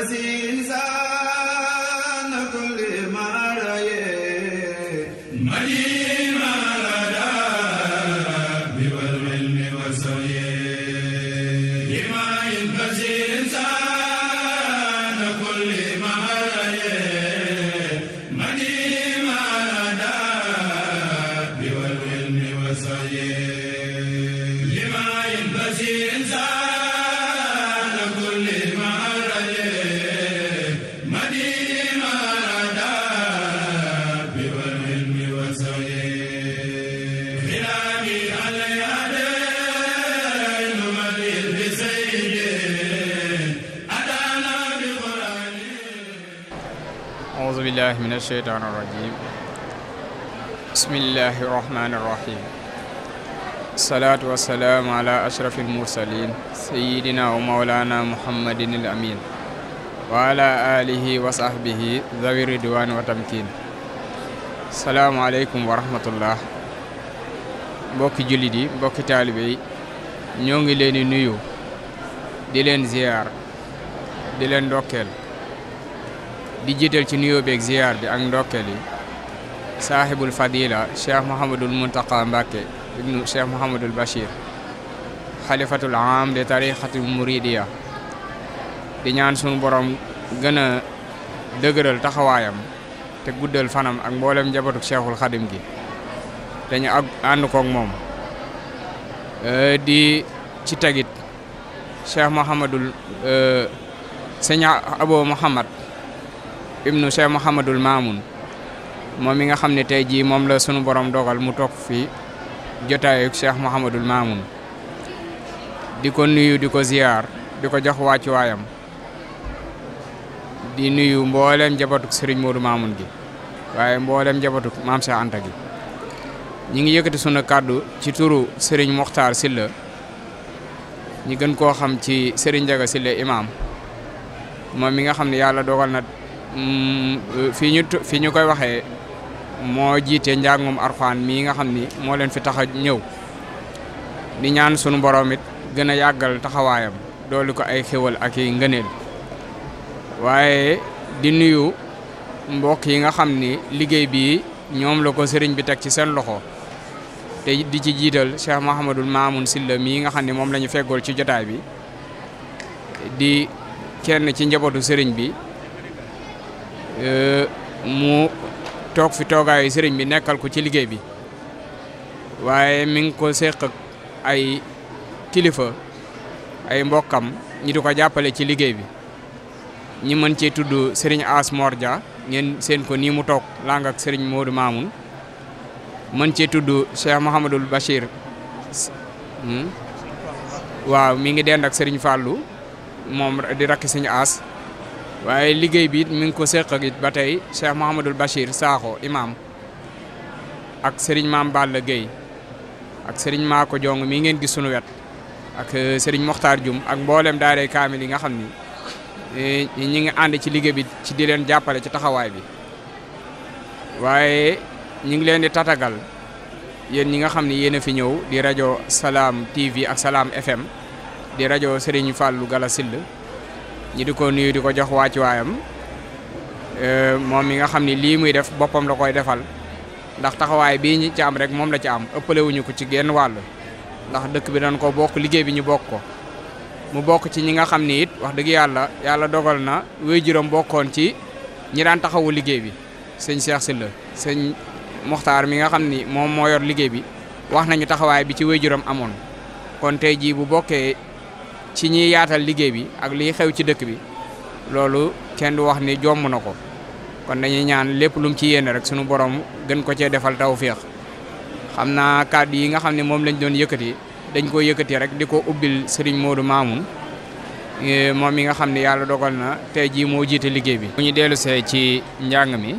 العزيز بالله من الشيطان الرجيم بسم الله الرحمن الرحيم الصلاة والسلام على أشرف المرسلين سيدنا ومولانا محمد الأمين وعلى آله وصحبه ذوي الرضوان والتمكين السلام عليكم ورحمة الله mbokki jullit yi mbokki taalibe yi ñoo ngi leen di nuyu di leen ziyaar di leen ndokkeel di jiital ci nuyoo beeg ziyaar bi ak ndokkeel yi fadila cheikh mouhamadul muntaqa mbàkke ibnu cheikh mouhamadul xalifatul am de tarixatul muridiya di ñaan sunu borom gën a dëgëral taxawaayam te guddal fanam ak mboolem njabatuk cheikhul xadim gi dañu ak ànd moom di ci tegit cheikh mouhamadul sëñ abo mouhamad ibnu Cheikh Mouhamadul Maamoun moom mi nga xam ne tey jii moom la sunu borom dogal mu toog fii jotaayu Cheikh Mouhamadul Maamoun di ko nuyu di ko ziyaar di ko jox wàccuwaayam di nuyu mboolem jabatuk sëriñ Modou Maamoun gi waaye mboolem jabatuk Maam Cheikh Anta gi ñi ngi yëkkati sunu kàddu ci turu sëriñ Mokhtar Silla ñi gën koo xam ci Serigne Jaga Silla imaam moom mi nga xam ne yàlla dogal na. Mm, fii ñu fii ñu koy waxee moo jiitee njàngum arxaan mii nga xam ni moo leen fi tax a ñëw di ñaan sunu borom gën a yàggal taxawaayam doolu ko ay xéwal ak i ngëneel waaye di nuyu mbokk yi nga xam ni liggéey bi ñoom la ko sëriñ bi teg ci seen loxo te di ci jiital Cheikh Mahamadul Mamoun Silla mii nga xam ni moom lañu fegool ci jotaay bi di kenn ci njabootu sëriñ bi Euh, mu toog fi toogaayu sëriñ bi nekkal ko ci liggéey bi waaye mi ngi ko seq ay kilifa ay mbokkam ñi di ko jàppale ci liggéey bi ñi mën cee tudd sëriñ As Mor Dia ngeen seen ko nii mu toog lang ak sëriñ Modou Mamoun mën cee tudd Cheikh Mouhamadul Bachir hmm? waaw mi ngi dend sëriñ Fallou moom di rakk sëriñ As waaye liggéey bi mu ngi ko seq ak it ba tey Cheikh Mouhamadul Bachir Sakho imam ak sëriñ maam Balla Gueye ak sëriñ maako Jong mi ngeen gis sunu wet ak euh, Serigne Mokhtar jum ak mboolem daaray kaamil yi nga xam ni eh, ñi ngi ànd ci liggéey bi ci di leen jàppale ci taxawaay bi waaye ñi ngi leen di tatagal yéen ñi nga xam ne yéen a fi ñëw di rajo Salaam TV ak Salaam FM di rajo Serigne fallu Gala Sill ñi di ko di ko jox wàcc waayam euh, moom mi nga xam ni lii muy def boppam da koy defal ndax taxawaay bii ñi ci rek moom la ci am ëppalewuñu ko ci genn wàll ndax dëkk bi dañ ko bokk liggéey bi ñu bokk ko mu bokk ci ñi nga xam ni wax dëgg yàlla yàlla dogal na wéy juróom bokkoon ci ñi daan taxawu liggéey bi sëñ Cheikh Sylla sëñ Mokhtar mi nga xam ni moom moo liggéey bi wax nañu taxawaay bi ci wéy juróom amoon kon tey jii bu bokkee ci ñiy yaatal liggéey bi ak liy xew ci dëkk bi loolu kenn du wax ni jomm na ko kon dañuy ñaan lépp lum ci yéene rek sunu borom gën ko cee defal tawféex xam naa kàddu yi nga xam ne moom lañ doon yëkkati dañ koo yëkkati rek di ko ubbil sëriñ Modou Mamoun eh, moom mi nga xam ne yàlla dogal na tey jii moo jiite liggéey bi. bu ñu dellu see ci njàng mi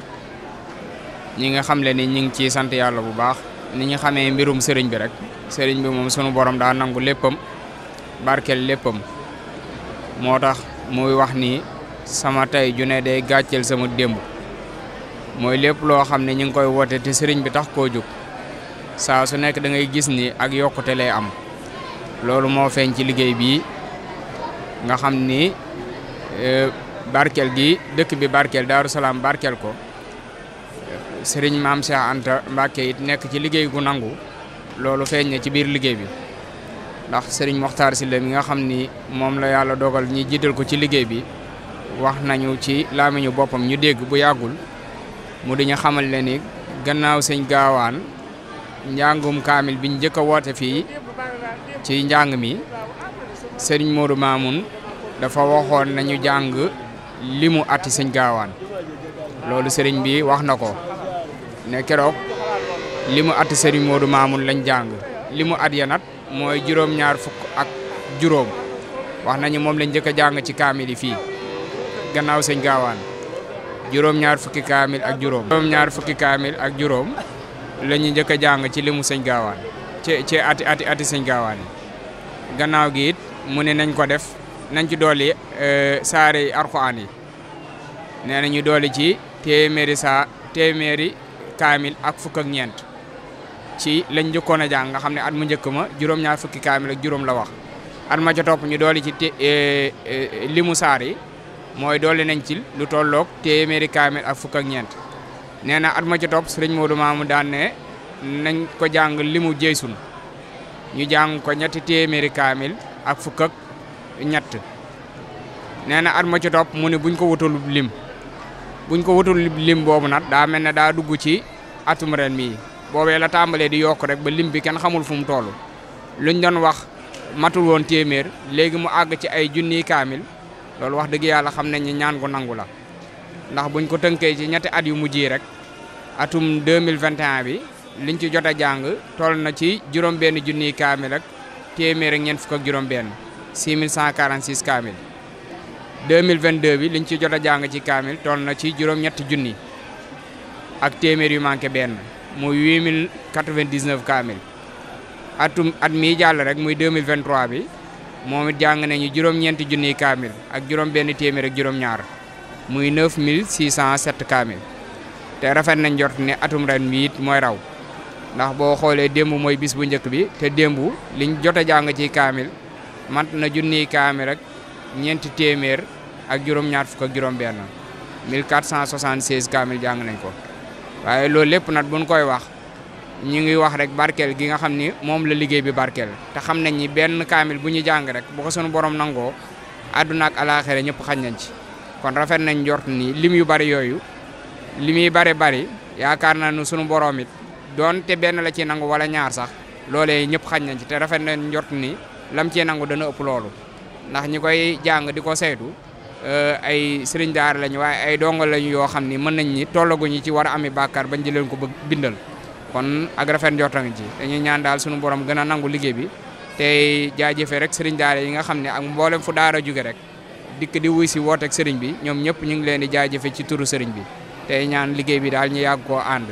ñi nga xam le ni ñu ngi ciy sant yàlla bu baax ni ñu xamee mbirum sëriñ bi rek sëriñ bi moom sunu borom daa nangu léppam. barkeel léppam moo tax muy wax ni sama tey ju ne day gàcceel sama démb mooy lépp loo xam ne ñu ngi koy woote te sëriñ bi tax koo jóg saa su nekk da ngay gis ni ak yokkute lay am loolu moo feeñ ci liggéey bi nga xam ni e, barkeel gi dëkk bi barkeel Daaru Salaam barkeel ko sëriñ maam Cheikh Anta Mbacke nekk ci liggéey gu nangu loolu feeñ na ci biir liggéey bi ndax sëriñ Mokhtar Sylla mi nga xam ni moom la yàlla dogal ñi jiital ko ci liggéey bi wax nañu ci laamiñu boppam ñu dégg bu yàggul mu diñu xamal leen ni gannaaw sëñ gaawaan njàngum kaamil biñ njëkk a woote fii ci njàng mi sëriñ Modou Mamoun dafa waxoon nañu jàng limu ati sëñ gaawaan loolu sëriñ bi wax na ko ne keroog limu ati sëriñ Modou Mamoun lañ jàng limu at ya mooy juróom-ñaar fukk ak juróom wax nañu moom lañ njëkk a jàng ci kaamil yi fii gannaaw sëñ gaawaan juróom-ñaar fukki kaamil ak juróom. juróom-ñaar fukki kaamil ak juróom la ñu njëkk a jàng ci limu sëñ gaawaan ci ci ati ati ati sëñ gaawaan yi gannaaw gi it mu ne nañ ko def nañ ci dolli e, saare yi arxuaan yi nee na ñu ci téeméeri saa téeméeri kaamil ak fukk ñeent. ci lañ njëkkoon a jàng nga xam ne at mu njëkk ma juróom-ñaar fukki kaamil ak juróom la wax at ma ca topp ñu dooli ci eh, eh, limu saar mooy doole nañ ci lu tollook téeméeri kaamil ak fukk ak ñeent nee na at ma ca topp sëriñ Modou Mamou nañ ko jàng limu jeysun ñu jàng ko ñetti téeméeri kaamil ak fukk ak ñett nee na at ma ca mu ne buñ ko wutul lim buñ ko wutul lim boobu nag daa mel ne daa dugg ci atum ren mii boobee la tàmbalee di yokk rek ba lim bi kenn xamul fu mu toll luñ doon wax matul woon téeméer léegi mu àgg ci ay junniy kaamil loolu wax dëgg yàlla xam nañ ni ñaan gu nangu la ndax buñ ko tënkee ci ñetti at yu mujj rek atum 2021 bi liñ ci jot a jàng toll na ci juróom-benn junni kaamil ak téeméer ak ñeent fukk ak juróom-benn 6146 kaamil 2022 bi liñ ci jot a jàng ci kaamil toll na ci juróom-ñetti junni ak téeméer yu manqué benn. muy huit mille quatre-vingt-dix-neuf kaamil atum at mii jàll rek muy 2023 bi moom it jàng nañu juróom-ñeenti junniy kaamil ak juróom-benn téeméer ak juróom-ñaar muy 9607 kaamil te rafet nañ jot ni atum ren bi it mooy raw ndax boo xoolee démb mooy bis bu njëkk bi te démb liñ jot a jàng ci kaamil mant na junniy kaamil ak ñeenti téeméer ak juróom-ñaar fukk ak juróom-benn 1476 kaamil jàng nañ ko. waaye loolu lépp nag buñ koy wax ñu ngi wax rek barkeel gi nga xam ni moom la liggéey bi barkeel te xam nañ ni benn kaamil bu ñu jàng rek bu ko sunu borom nangoo àdduna ak alaaxira ñëpp xañ nañ ci kon rafet nañ njort ni lim yu bari yooyu li muy bari bari yaakaar naa ne sunu boromit doon te benn la ci nangu wala ñaar sax loolee ñëpp xañ nañ ci te rafet nañ njort ni lam ci nangu dana ëpp loolu ndax ñi koy jàng di ko saytu. Euh, ay sëriñ daara lañu waaye ay dongo lañu yoo xam ni mën nañ ni tollaguñu ci war a ami bàkkaar bañ di leen ko bëgg bindal kon ak rafet ji dañuy ñaan daal sunu borom gën a nangu liggéey bi tey jaajëfee rek sëriñ daara yi nga xam ne ak mboolem fu daara jóge rek dikk di wuy si wooteeg sëriñ bi ñoom ñëpp ñu ngi leen di jaajëfe ci turu sëriñ bi tey ñaan liggéey bi daal ñu yàgg koo ànd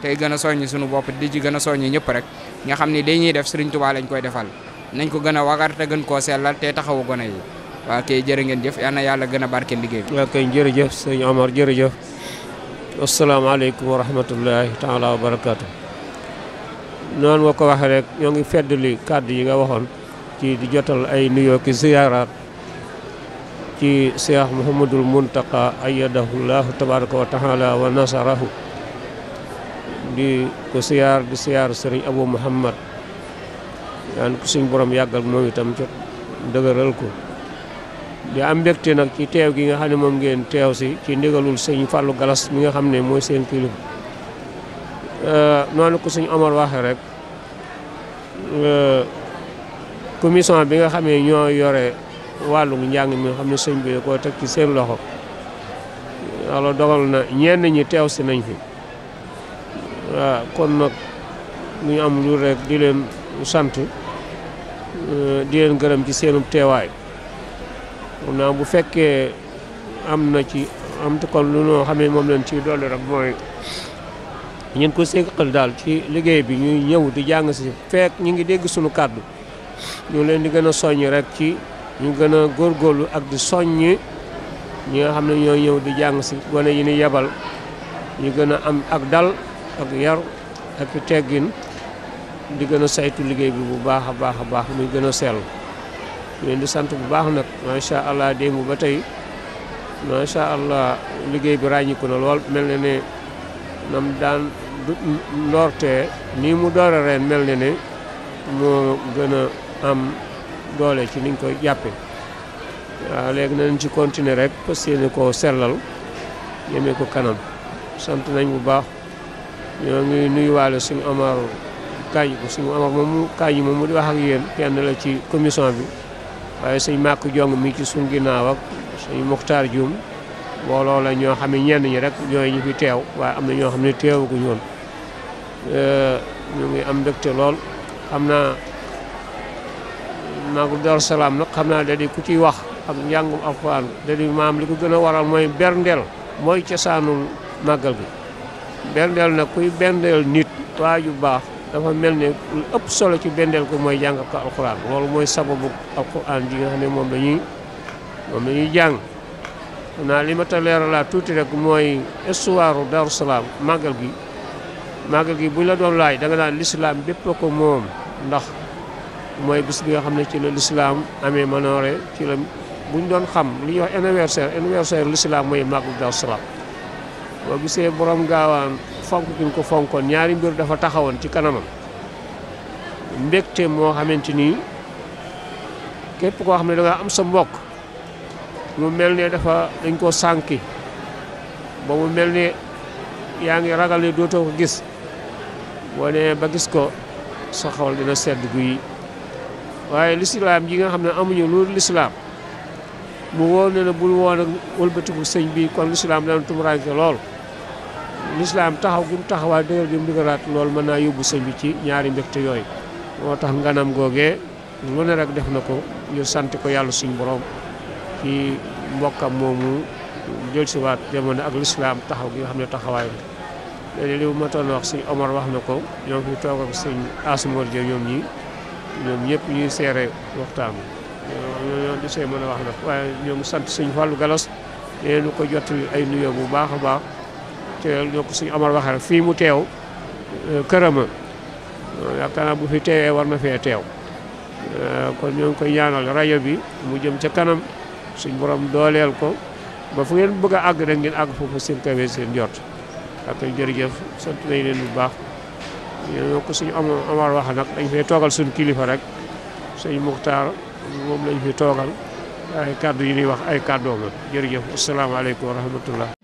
tey gën a soñ sunu bopp di ci gën a soññi ñëpp rek nga xam ne li ñuy def sëriñ Tuubaa lañ koy defal nañ ko gën a wagar te gën koo sellal te taxawu gone yi waa kay jërë ngeen jëf yal na yàlla gën a barkeel liggéey bi. waaw kay jërëjëf sëñ Omar jërëjëf asalaamaaleykum wa rahmatullahi taala wa barakaatu. noonu nga ko waxee rek ñoo ngi feddali kàddu yi nga waxoon ci di jotal ay nuyoo ki ziyaaraat ci Cheikh Mouhamadul Muntaqa ayyadahu llahu tabaraka wa taala wa nasarahu di ko siyaar di siyaar sëriñ Abou Mouhamad ñaan ko suñ borom yàggal moom itam ci dëgëral ko di am mbégte nag ci teew gi nga xam ne moom ngeen teew si ci ndigalul sëñ Fallou Galas mi nga xam ne mooy seen kilifa euh, noonu ko sëñ Omar waxee rek euh, commission bi nga xamee ñoo yore wàllu njàng mi nga xam ne sëñ bi da koo teg ci seen loxo yàlla dogal na ñenn ñi teew si nañ fi waaw kon nag lu ñu am lu rek di leen sant euh, di leen gërëm ci seenub teewaay naa bu fekkee am na ci am te kon lu noo xam ne moom lañ ciy dolli rek mooy ñun ko séqal daal ci liggéey bi ñuy ñëw di jàng si fekk ñu ngi dégg suñu kàddu ñu leen di gën a soññ rek ci ñu gën a góorgóorlu ak di soññ ñi nga xam ne ñoo ñëw di jàng si gone yi ni yebal ñu gën a am ak dal ak yar ak teggin di gën a saytu liggéey bi bu baax a baax a baax muy gën a seel ñu leen di sant bu baax nag macha allah démb ba tey macha allah liggéey bi ràññiku na lool mel na ne nam daan ndoortee nii mu doora ren mel na ne moo gën a am doole ci niñ ko jàppe waaw léegi nañ ci continuer rek parce que ni ko sellal yemee ko kanam sant nañ bu baax ñoo ngi nuyuwaale suñu Omar Kañ ko suñu Omar moomu Kañ mu di wax ak yéen kenn ci commission bi waaye sëñ màkk jong mi ci suñ ginnaaw ak sëñ muxtaar juum la ñoo xam ne ñenn ñi rek ñooy ñu fi teew waaye am na ñoo xam ne teewaguñ woon ñu ngi am mbégte lool xam naa magu dar salaam nag xam naa da ku ciy wax ak njàngum alxuraan da maam li ko gën a waral mooy berndeel mooy cosaanul màggal gi berndeel nag kuy berndeel nit waa baax dafa mel ni ëpp solo ci bendeel ko mooy jàng ko alxuraan loolu mooy sababu alxuraan ji nga xam ne moom la ñuy moom la ñuy jàng naa li ma ta leeralaa tuuti rek mooy histoire Darou Salam màggal gi màggal gi bu la doon laaj danga nga naan lislaam bépp ko moom ndax mooy bis bi nga xam ne ci la lislaam amee manoore ci la buñ doon xam li ñuy wax anniversaire anniversaire lislaam mooy màggal Darou Salam boo gisee borom gaawaan fonk ki ko fonkoon ñaari mbir dafa taxawoon ci kanamam mbégte moo xamante nii képp koo xam ne da am sa mbokk mu mel ne dafa dañ koo sànki ba mu mel ne yaa ngi ragal ne dootoo ko gis boo ba gis ko sa xol dina sedd guy waaye lislaam yi nga xam ne amuñu loolu lislaam mu wóor ne ne bul woon ak wëlbatiku sëñ bii kon lislaam dana tumuraanke lool lislaam taxaw gum taxawaay dëgër gum dëgëraat loolu mën naa yóbbu sëñ bi ci ñaari mbégte yooyu moo tax nganam googee lu ne rek def na ko ñu sant ko yàlla suñ borom ci mbokkam moomu jël si waat jamono ak lislaam taxaw gi nga xam ne taxawaay la léegi li matoon wax sëñ Omar wax na ko ñoom fi toog ak sëñ Asmor Dia ñoom ñi ñoom ñëpp ñuy seere waxtaan ñoo di see mën a wax nag sant sëñ Fallou Galas nu ko jottali ay nuyoo bu baax a baax te ñoo ko suñu amal waxee rek fii mu teew euh, kërama yaakaar naa bu fi teewee war na fee teew euh, kon ñoo ngi koy ñaanal rajo bi mu jëm ca kanam suñ borom dooleel ko ba fu ngeen bëgg a àgg rek ngeen àgg foofu seen kawe seen jot ak jërëjëf sant nañ leen bu baax ñoo ko suñu amal amal wax nag dañ fee toogal suñ kilifa rek suñ muxtaar moom lañ fi toogal ay kàddu yi ñuy wax ay kàddoom la jërëjëf asalaamaaleykum wa rahmatullah